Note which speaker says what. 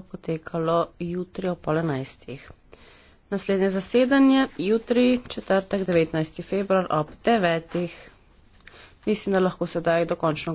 Speaker 1: bo potekalo jutri o pol enajstih. Naslednje zasedanje jutri, četrtek 19. februar ob devetih. Mislim, da lahko sedaj
Speaker 2: dokončno.